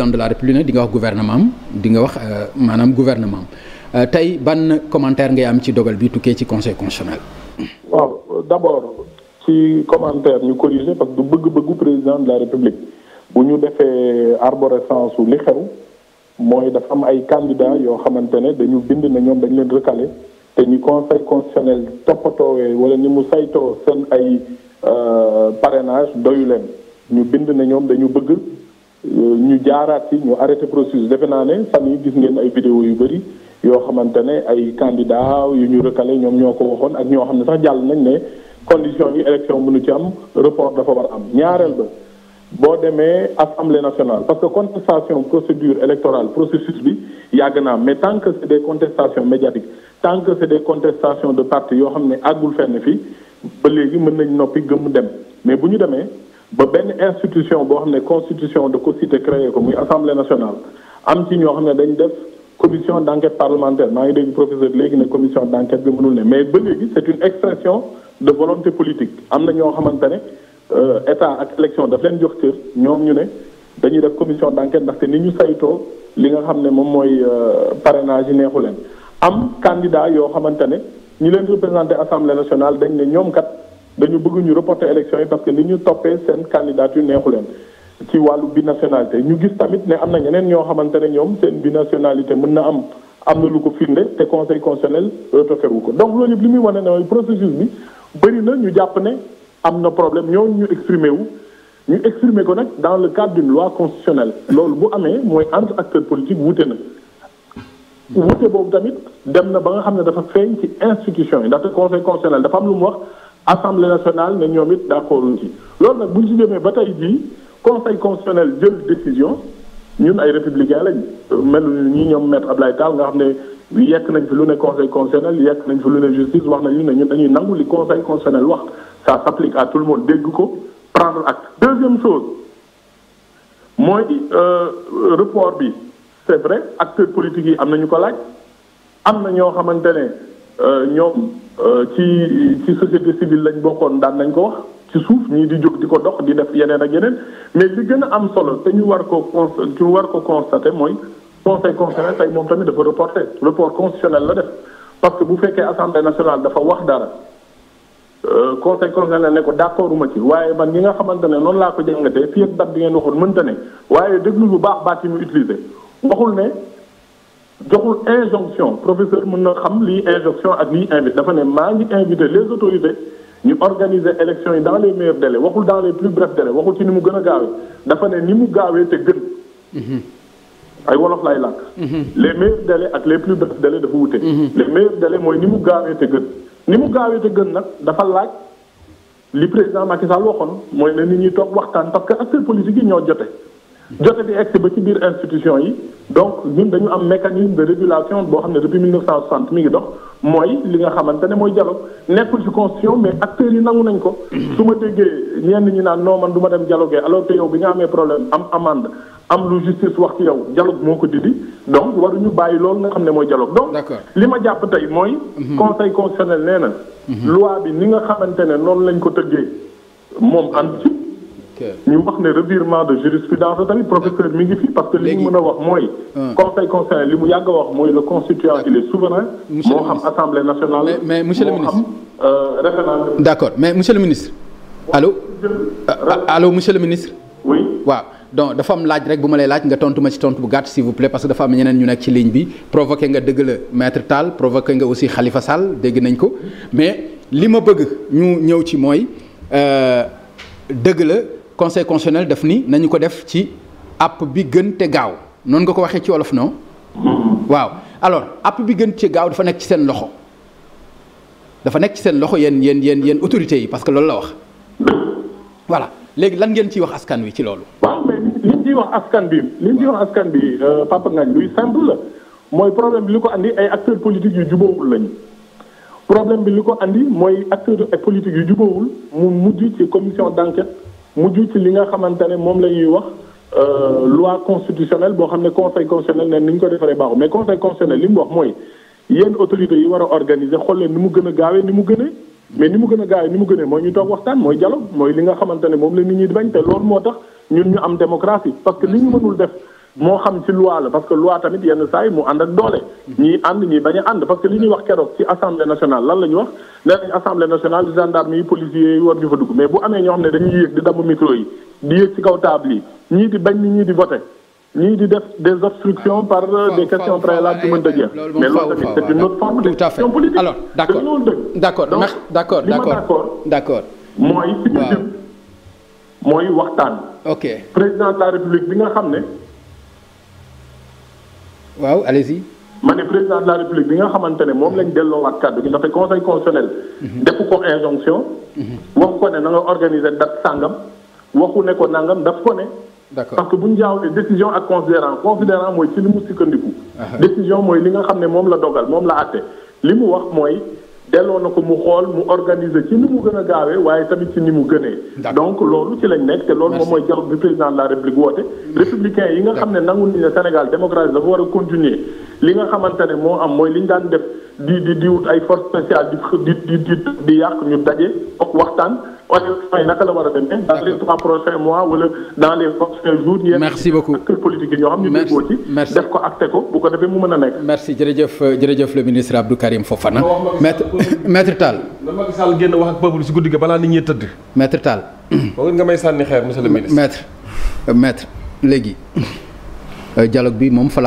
président de la république nag di nga wax gouvernement dinga wax euh, maanaam gouvernement euh, tey ban commentaire ngay am ci dogal bi tukkee ci conseil constitutionnel. waaw d'abord ci commentaire ñu corriger parce que du bëgg-bëggu président de la république bu ñu defee arborescence li xew mooy dafa am ay candidats yoo xamante ne dañu bind na ñoom dañu leen recalé te ni conseil constitutionnel toppatoowee wala ni mu saytoo seen ay euh, parrainage doyu leen ñu bind na ñoom dañu bëgg. ñu jaaraat si ñu arrêté processus defe naa ne fan yi gis ngeen ay vidéo yu bëri yoo xamante ne ay candidat yu ñu recalé ñoom ñoo ko waxoon ak ñoo xam ne sax jàll nañ ne condition yi élection mënu ci am report dafa war am ñaareel ba boo demee assemblée nationale parce que contestation procédure électorale processus bi yàgg naa mais tant que c'est des contestation médiatique tant que c'est des contestations de parti yoo xam ne àggul fenn fii ba léegi mën nañ noppi gëm dem mais bu ñu demee ba benn institution boo xam ne constitution de ko cité créé ko muy assemblée nationale am ci ñoo xam ne dañ def commission d' enquête parlementaire maa ngi dégg professeur léegi ne commission d' enquête bi mënul ne mais ba léegi c' est une expression de volonté politique am na ñoo xamante ne euh, état ak élection daf leen jox cër ñoom ñu ne dañuy def commission d' enquête ndaxte ni ñu saytoo li nga xam ne moom mooy euh, parrainage yi neexu leen am candidat yoo xamante ne ñi leen représenté assemblée nationale dañ ne ñoom kat. dañu bëgg ñu reporter élection yi parce que li ñu toppee seen candidature neexu leen ci wàllu binationalité ñu gis tamit ne am na ñeneen ñoo xamante ne ñoom seen binationalité mën na am am na lu ko firnde te conseil constitutionnel tofer wu ko donc loolu yëpp li muy wane ne mooy processus bi bëri na ñu jàpp ne am na problème ñooñu ñu exprimer wu ñu exprimer ko nag dans le cadre d'une loi constitutionnelle loolu bu amee mooy entre acteur politique wute na wute boobu tamit dem na ba nga xam ne dafa feeñ ci institution yi ndaxte conseil constitutionnel dafa am lu mu wax assemblée nationale ne ñoom it d'accord ci loolu nag bu ñu si demee ba tey jii conseil constitutionnel jël décision ñun ay républicain lañ mel ñi ñoom maître Abdoulaye Tall nga xam ne yekk nañ fi lu ne conseil constitutionnel yekk nañ fi lu ne justice wax nañu ne ñun dañuy nangu li conseil constitutionnel wax ça s'applique à tout le monde dégg ko prendre acte deuxième chose mooy euh, report bi c'est vrai acteurs politiques yi am nañu ko laaj am na ñoo xamante ne Euh, ñoom euh, ci ci société civile lañ bokkoon daan nañ ko wax ci suuf ñii di jóg di ko dox di def yeneen ak yeneen mais li gën a am solo te ñu war ko ñu war ko constaté mooy conseil constitutionnel tey moom tamit dafa reporté report constitutionnel la def parce que bu fekkee assemblée nationale dafa wax dara euh, conseil constitutionnel ne ko d'accord ma ci waaye man ñi nga xamante ne noonu laa ko jàngatee fii ak date bi ngeen waxoon mënta ne waaye déglu bu baax baat yi mu utilisé waxul ne. joxul injonction professeur mën na xam lii injonction ak lii invité dafa ne maa ngi invité les autorités ñu organiser élection yi dans les meilleurs délais waxul dans les plus brefs délais waxul ci ni mu gën a gaawee dafa ne ni mu gaawee te gën. Mhm. ay wolof lay làkk. Mhm. les meilleurs délais ak les plus brefs délais dafa wute. Mhm. les meilleurs délais mooy ni mu gaawee te gën. ni mu gaawee te gën nag dafa laaj li président Macky Sall waxoon mooy ne nit ñi toog waxtaan parce que acteurs politiques yi ñoo jote bi egg ba ci biir institution yi donc ñun dañu am mécanisme de régulation boo xam ne depuis 1960 mi ngi dox mooy li nga xamante ne mooy dialogue nekkul ci constitution mais acteurs yi nangu nañ ko. su ma déggee ñenn ñi naan noo man duma ma dem dialoguer alors que yow bi nga amee problème am amende am lu justice wax ci yow dialogue moo ko didi donc waruñu bàyyi loolu nga xam ne mooy dialogue. donc li ma jàpp tey mooy. Mhm. conseil constitutionnel nee na. Mhm. loi bi ni nga xamante ne noonu lañ ko tëggee moom ànd ñu wax ne revirement de jurisprudence tamit professeur mi ngi fi parce que li ñu mën a wax mooy. conseil conseil li mu yàgg wax mooy le constituant il souverain. moo xam assemblée nationale. mais mais monsieur le ministre moo xam euh, d'accord mais monsieur le ministre. allo allo monsieur ah, ah, ministre. oui waaw. donc dafa am laaj rek bu ma lay laaj nga tontu ma ci tont bu gàtt si vous plaît parce que dafa am ñeneen ñu nekk ci ligne bi provoqué nga dëgg la maître Tall provoqué nga aussi Khalifa Sall dégg nañ ko mais li ma bëgg ñu ñëw ci mooy euh, dëgg la. conseil constitutionnel daf ni nañu ko def ci app bi gën te gaaw noonu nga ko waxee ci olof non mm-hmm. waaw alors app bi gën ci gaaw dafa nekk ci seen loxo dafa nekk ci seen loxo yéen yéen yéen yéen autorités yi parce que loolu la wax voilà léegi lan ngeen ciy wax askan wi ci loolu. waaw mais li ñu ciy wax askan bi li ñu ciy wax askan bi euh, Papa Ngagne luy simple la mooy problème bi li ko indi ay acteur politiques yu jubóowul lañu. problème bi li ko indi mooy acteurs ay yu jubóowul mu mujj mujj ci li nga xamante ne moom la ñuy wax euh, loi constitutionnelle boo xam ne conseil constitutionnel ne ni ñu ko defaree baaxul mais conseil constitutionnel li mu wax mooy yenn autorités yi war a organiser xool leen ni mu gën a gaawee ni mu gënee mais ni mu gën a gaawee ni mu gënee mooy ñu toog waxtaan mooy dialogue mooy li nga xamante ne moom la nit ñi di bañ te loolu moo tax ñun ñu am démocratie parce que li ñu mënul def moo xam ci loi la parce que loi tamit yenn saa yi mu ànd ak doole ñii ànd ñii bañ a ànd parce que li ñuy wax keroog ci assemblée nationale lan la ñu wax nee nañ assemblée nationale gendarme yi policiers yi war ñu fa dugg mais bu amee ñoo xam ne dañuy yéeg di damm micro yi di yéeg ci kaw table yi ñii di bañ ni ñii di voté ñii di def des obstructions par euh, des questions préalables yu mën a jeex. mais loolu de gestion politique. alors d'accord d'accord d'accord d'accord d'accord mooy. mooy waxtaan. ok président de la bi nga xam ne. waaw allez-y. ma ne président de la république bi nga xamante ne moom lañ delloowaat kàddu gi ndaxte conseil constitutionnel. Mhm. def ko injonction. Mhm. wax ko ne na nga organiser date sàngam. waxu ne ko nangam daf ko ne. d'accord parce que bu ñu jaawlee décision ak considérant considérant mooy ci li mu sukkandiku. décision mooy li nga xam ne moom la dogal moom la àtte li mu wax mooy. delloo na ko mu xool mu organiser ci ni mu gën a gaawee waaye tamit ci ni mu gënee. donc loolu ci lañ nekk te loolu moom mooy dialogue bi président de la république woote. Mm. républicain yi nga xam ne nangu ni ne Sénégal démocratie dafa war a continuer li nga xamante ne moo am mooy li ñu daan def di di di wut ay force spéciale di di di di yàq ñu taje ak waxtaan. orientation yi naka a demee. d' accord dans les trois prochains mois wala dans les prochains jours. merci beaucoup yenn acteurs politiques yi ñoo xam ñu déggoo ci. merci def ko acté ko bu ko defee mu mën a nekk. merci jërëjëf jërëjëf le ministre Abdou Karim Fofana. na Macky Sall génn wax ak peuple si euh, léegi euh, dialogue bi moom fa